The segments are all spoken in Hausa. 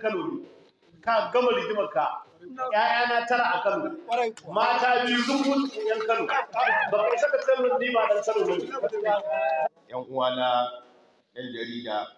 kalori ka gama rigimar ka ‘ya'yana tara a Kano, mata biyu zubun ‘yan Kano, ba kai saka tsarin ni ba dan Kano ne. ‘Yan uwana ‘yan jarida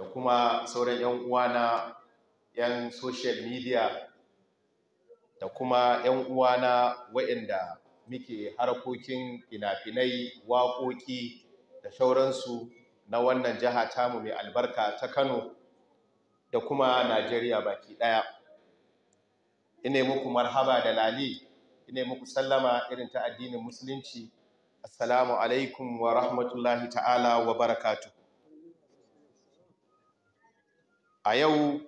da kuma sauran ‘yan na ‘yan social media da kuma ‘yan uwana wa'anda muke harkokin fina-finai, waƙoƙi da sauransu na wannan jiha tamu mai albarka ta Kano. da kuma Najeriya baki ɗaya. Ine muku marhaba da lali, ine muku sallama irin ta addinin Musulunci, Assalamu alaikum wa rahmatullahi ta'ala wa barakatu. A yau,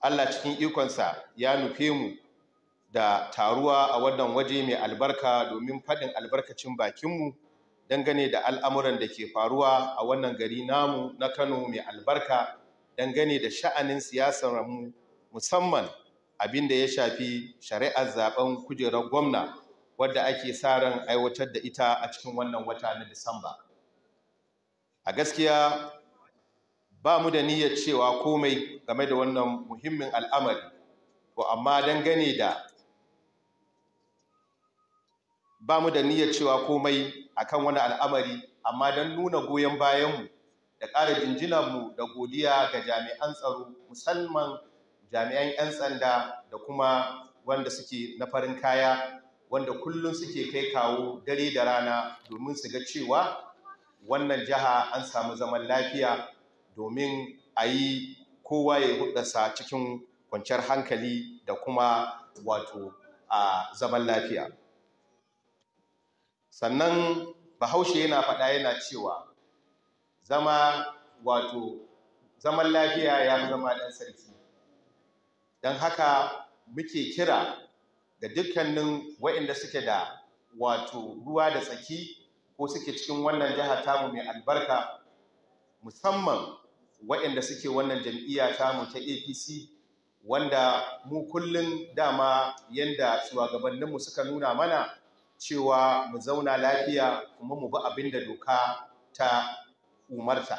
Allah cikin ikonsa ya nufe mu da taruwa a wannan waje mai albarka domin faɗin albarkacin bakinmu dangane da al'amuran da ke faruwa a wannan gari namu na Kano mai albarka. dangane da sha'anin siyasar mu musamman abin da ya shafi shari'ar zaben kujerar gwamna wadda ake sa ran aiwatar da ita a cikin wannan wata na Disamba. A gaskiya ba mu da niyyar cewa komai game da wannan muhimmin al'amari, to amma dangane da ba mu da niyyar cewa komai akan wani al'amari amma don nuna goyon bayanmu da ƙara mu da godiya ga jami'an tsaro musamman jami'an 'yan sanda da kuma wanda suke na farin kaya wanda kullum suke kai kawo dare da rana domin su ga cewa wannan jiha an samu zaman lafiya domin a yi kowa ya hudarsa cikin kwanciyar hankali da kuma wato a zaman lafiya sannan bahaushe yana faɗa yana cewa zama wato zaman lafiya ya fi zama ɗan sarki don haka muke kira ga dukkanin waɗanda suke da wato ruwa da tsaki ko suke cikin wannan jiha tamu mai albarka musamman waɗanda suke wannan jam'iyya tamu ta apc wanda mu kullum dama yadda shugabanninmu suka nuna mana cewa mu zauna lafiya kuma mu bi abin da doka ta umarta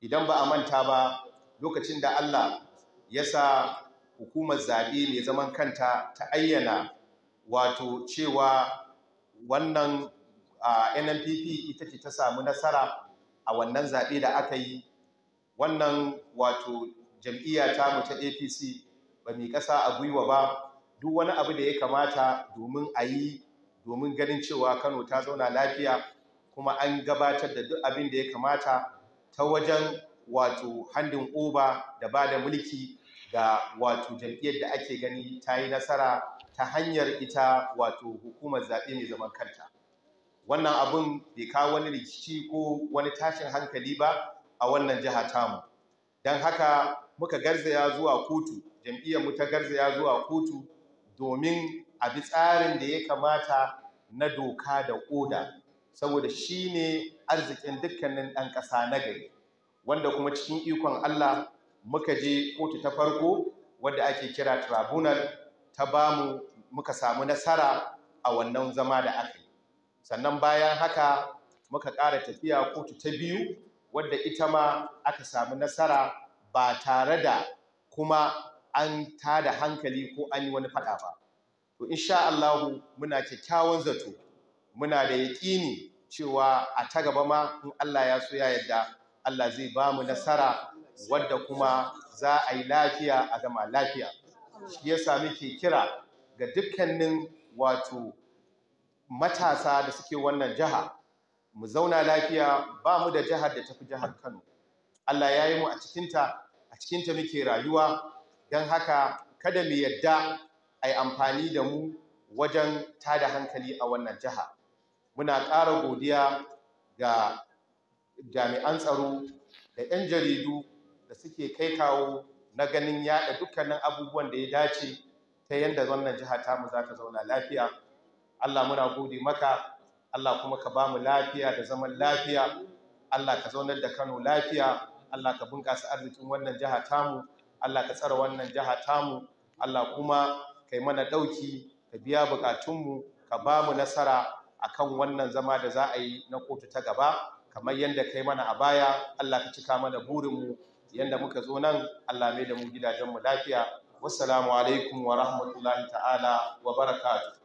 idan ba a manta ba lokacin da Allah ya sa hukumar zaɓe mai zaman kanta ta ayyana wato cewa wannan NNPP ita ce ta samu nasara a wannan zaɓe da aka yi wannan wato jam'iyya ta mu ta APC ba mai ƙasa a gwiwa ba duk wani abu da ya kamata domin a yi domin ganin cewa Kano ta zauna lafiya kuma an gabatar da duk abin da ya kamata ta wajen wato handin oba da ba da mulki ga wato jam'iyyar da ake gani ta yi nasara ta hanyar ita wato hukumar zaɓe mai zaman kanta wannan abun bai kawo wani rikici ko wani tashin hankali ba a wannan jiha tamu don haka muka garzaya zuwa kotu jam'iyyar mu ta garzaya zuwa kotu domin a bi tsarin da ya kamata na doka da oda saboda shi ne arzikin dukkanin ɗan ƙasa na gari wanda kuma cikin ikon Allah muka je kotu ta farko wadda ake kira tribunal ta bamu muka samu nasara a wannan zama da aka yi sannan bayan haka muka ƙara tafiya kotu ta biyu wadda ita ma aka samu nasara ba tare da kuma an tada hankali ko an yi wani faɗa ba to insha Allahu muna kyakkyawan zato muna da yaƙini cewa a ta gaba ma in Allah ya soya yadda Allah zai ba mu nasara wadda kuma za a yi lafiya a gama lafiya shi ya yasa muke kira ga dukkanin wato matasa da suke wannan jiha mu zauna lafiya ba mu da jihar da tafi jihar Kano Allah ya yi mu a cikinta a cikinta muke rayuwa don haka kada mu yadda a yi amfani da mu wajen tada hankali a wannan jihar. muna ƙara godiya ga jami'an tsaro da 'yan jaridu da suke kai kawo na ganin yaɗa dukkanin abubuwan da ya dace ta yadda wannan jiha mu za ta zauna lafiya allah muna gode maka allah kuma ka ba mu lafiya da zaman lafiya allah ka zaunar da kano lafiya allah ka bunƙasa arzikin wannan jiha tamu allah ka tsara wannan jiha tamu allah kuma kai mana ɗauki ka biya buƙatunmu ka ba mu nasara akan wannan zama da za a yi na kotu ta gaba kamar yadda kai mana a baya Allah ka cika mana burinmu yadda muka zo nan Allah mai da mu gidajenmu lafiya wassalamu alaikum wa rahmatullahi ta'ala wa barakatuh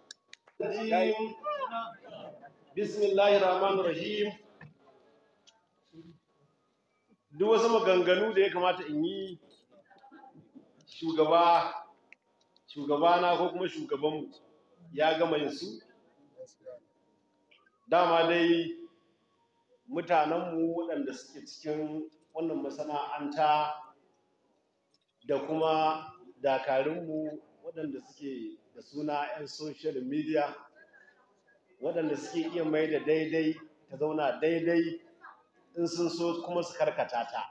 duk wasu maganganu da ya kamata in yi shugaba shugabana ko kuma shugabanmu ya gama yin su dama dai mutanenmu waɗanda suke cikin wannan masana'anta da kuma dakarunmu waɗanda suke da suna 'yan social media waɗanda suke iya mai da daidai ta zauna daidai in sun so kuma su karkata ta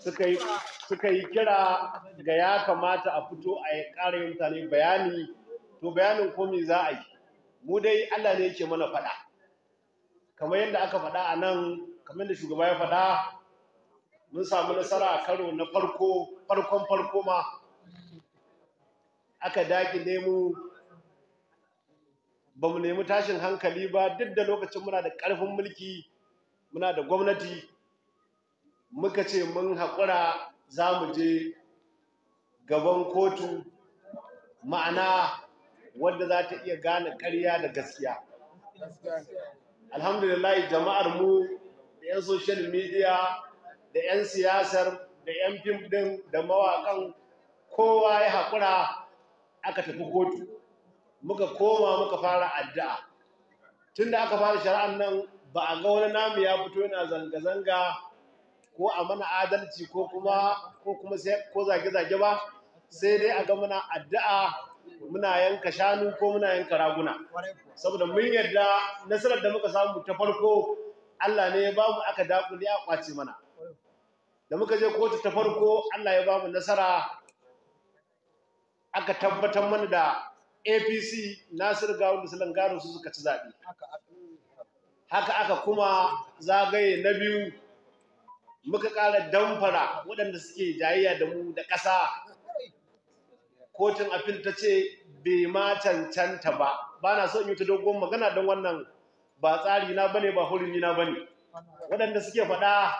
suka yi kira ga ya kamata a fito a ƙara yi mutane bayani to bayanin komi za a yi mu dai Allah ne yake mana faɗa kamar yadda aka faɗa a nan kamar da shugaba ya faɗa mun samu nasara a karo na farko farkon farko ma aka daƙi nemo ba mu nemi tashin hankali ba duk da lokacin muna da ƙarfin mulki muna da gwamnati muka ce mun haƙura za mu je gaban kotu ma'ana wadda za ta iya gane karya da gaskiya alhamdulillah jama'ar mu da 'yan social media da 'yan siyasar da 'yan fim ɗin da mawaƙan kowa ya haƙura aka tafi kotu muka koma muka fara addu'a tun da aka fara shari'an nan ba a ga wani namu ya fito yana zanga-zanga ko a mana adalci ko kuma ko kuma ko zage-zage ba sai dai a ga muna addu'a muna yanka shanu ko muna yanka raguna saboda mun yarda nasarar da muka samu ta farko Allah ne ya bamu aka dakule a kwace mana da muka je kotu ta farko Allah ya bamu nasara aka tabbatar mana da APC Nasir Gawo da Salangaro su suka ci zaɓe haka aka kuma zagaye na biyu muka ƙara damfara waɗanda suke jayayya da mu da ƙasa kotun afil ta ce bai ma cancanta ba ba na so in yi ta dogon magana don wannan ba tsari na bane ba hurumi na bane waɗanda suke faɗa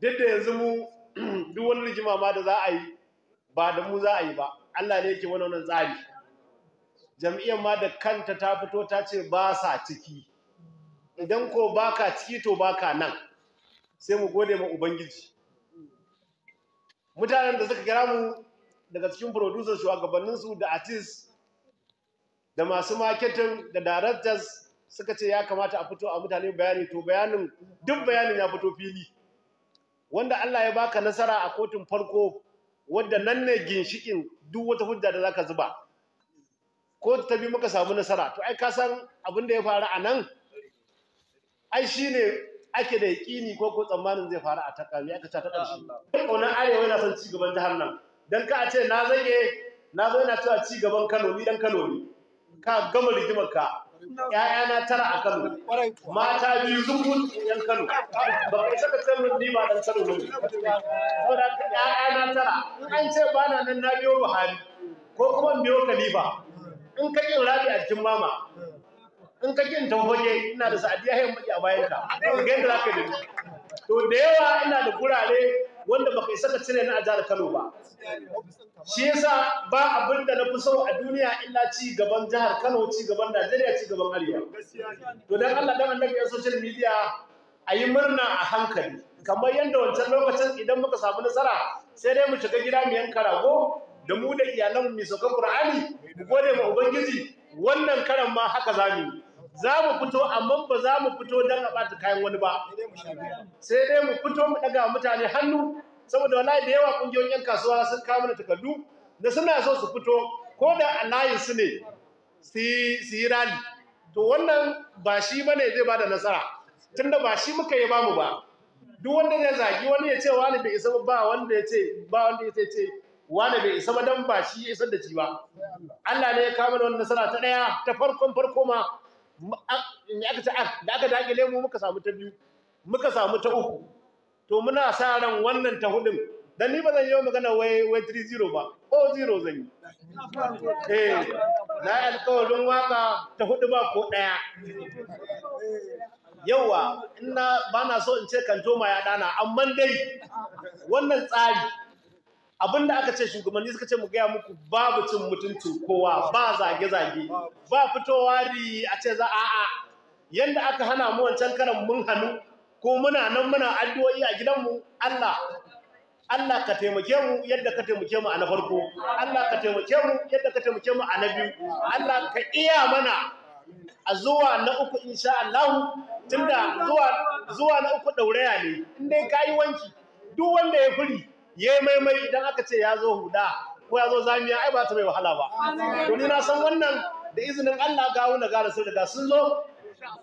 duk da yanzu mu duk wani rigima ma da za a yi ba da mu za a yi ba Allah ne yake wani wannan tsari jam'iyyar ma da kanta ta fito ta ce ba sa ciki idan ko baka ciki to baka nan sai mu gode ma ubangiji mutanen da suka kira mu daga cikin producer su da artist da masu marketing da directors suka ce ya kamata a fito a mutane bayani to bayanin duk bayanin ya fito fili wanda Allah ya baka nasara a kotun farko wadda nan ne ginshikin duk wata hujja da zaka zuba kotu ta bi muka samu nasara to ai ka san abin da ya faru a nan ai shine ake da yaƙini ko ko tsammanin zai faru a takami aka ta ta ƙarshe. Ƙaunar Arewa yana son ci gaban jihar nan. dan ka a ce na zage na zo ina cewa ci gaban Kano ni dan Kano ne ka gama rigimar ka na tara a Kano, mata biyu zubun ‘yan Kano, ba ka saka ka ce mun ni ba ɗan Kano ne. Saboda na tara, in an ce ba na nan na biyo Buhari, ko kuma biyo Khalifa, in ka ƙin rabi a jikin mama, in ka ƙin tafoge ina da sa'adiyya hayyan maki a bayanka, ga yadda za yi To da yawa ina da gurare wanda baka isa ka cire ni a jihar Kano ba shi yasa ba abin da na fi so a duniya illa ci gaban jihar Kano ci gaban Najeriya ci gaban Arewa to dan Allah dan annabi a social media a yi murna a hankali kamar yadda wancan lokacin idan muka samu nasara sai dai mu shiga gida mu yanka rago da mu da iyalan mu sauka Qur'ani mu gode ma ubangiji wannan karan ma haka zamu yi za mu fito amma ba za mu fito don a ɓata kayan wani ba sai dai mu fito mu ɗaga mutane hannu saboda wallahi da yawa kungiyoyin kasuwa sun kawo mana takardu da suna so su fito ko da alayin layin su ne su yi rali to wannan ba shi bane zai ba da nasara tunda ba shi muka yi bamu ba duk wanda ya zagi wani ya ce wani bai isa ba wanda ya ce ba wanda ya ce wani bai isa ba dan ba shi ya isar da ji ba Allah ne ya kawo mana wannan nasara ta daya ta farkon farko ma da aka dakile mu muka samu ta biyu muka samu ta uku to muna sa ran wannan ta hudun dan ni ba zan yi magana wai wai 30 ba ko 0 zan yi eh na alƙawarin waka ta hudu ba ko daya yawa ina ba na so in ce kanto ma ya dana amma dai wannan tsari abinda aka ce shugabanni suka ce mu gaya muku babu cin mutuntu kowa ba zage-zage ba fitowa ri a ce za a a yanda aka hana mu wancan karan mun hannu ko muna nan muna addu'o'i a gidanmu Allah Allah ka taimake mu yadda ka taimake mu a na farko Allah ka taimake mu yadda ka taimake mu a na biyu Allah ka iya mana a zuwa na uku insha Allah tunda zuwa zuwa na uku dauraya ne in dai kai wanki duk wanda ya furi yayi maimai idan aka ce ya zo huda ko ya zo zamiya ai ba ta mai wahala ba to ni na san wannan da izinin Allah ga wanda gara rasul da sun zo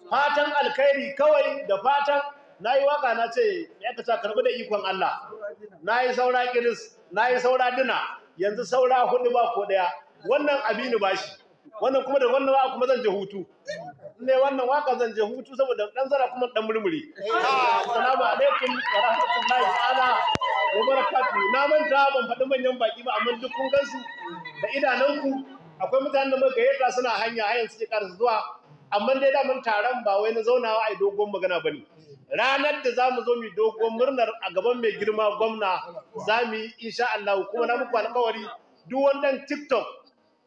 fatan alkhairi kawai da fatan na yi waka na ce ya ka sa karɓi da ikon Allah na yi saura kiris na yi saura duna yanzu saura hudu ba ko ɗaya wannan abinu ba shi wannan kuma da wannan waka kuma zan je hutu ne wannan waka zan je hutu saboda dan zara kuma dan murmuri assalamu alaikum wa rahmatullahi ta'ala wa barakatuh na manta ban faɗi manyan baki ba amma duk kun gansu da idananku akwai mutanen da muka gayyata suna hanya hayan suke ƙarasa zuwa amma dai da mun taron ba wai na zaunawa ai dogon magana bane ranar da za mu zo mu dogon murnar a gaban mai girma gwamna Za mu yi insha Allah kuma na muku alƙawari duk wannan TikTok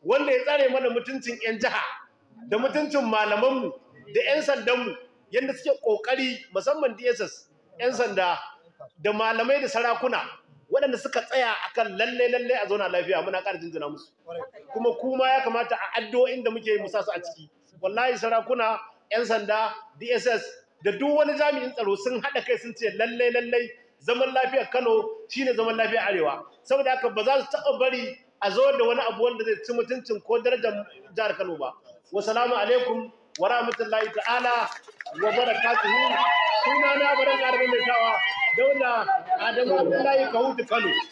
wanda ya tsare mana mutuncin yan jiha da mutuncin malamanmu da yan sandanmu yanda suke kokari musamman DSS yan sanda da malamai da sarakuna waɗanda suka tsaya akan lalle lalle a zauna lafiya muna ƙara jinjina musu kuma kuma ya kamata a addu'o'in da muke yi su a ciki wallahi sarakuna yan sanda DSS da duk wani jami'in tsaro sun haɗa kai sun ce lallai lallai zaman lafiyar Kano shine zaman lafiya Arewa saboda haka ba za su taɓa bari a zo da wani abu wanda zai ci mutuncin ko darajar jihar Kano ba Wa salamu alaikum wa rahmatullahi ta'ala wa barakatuhu sunana baran garba mai tawa daula adamu abdullahi kahutu Kano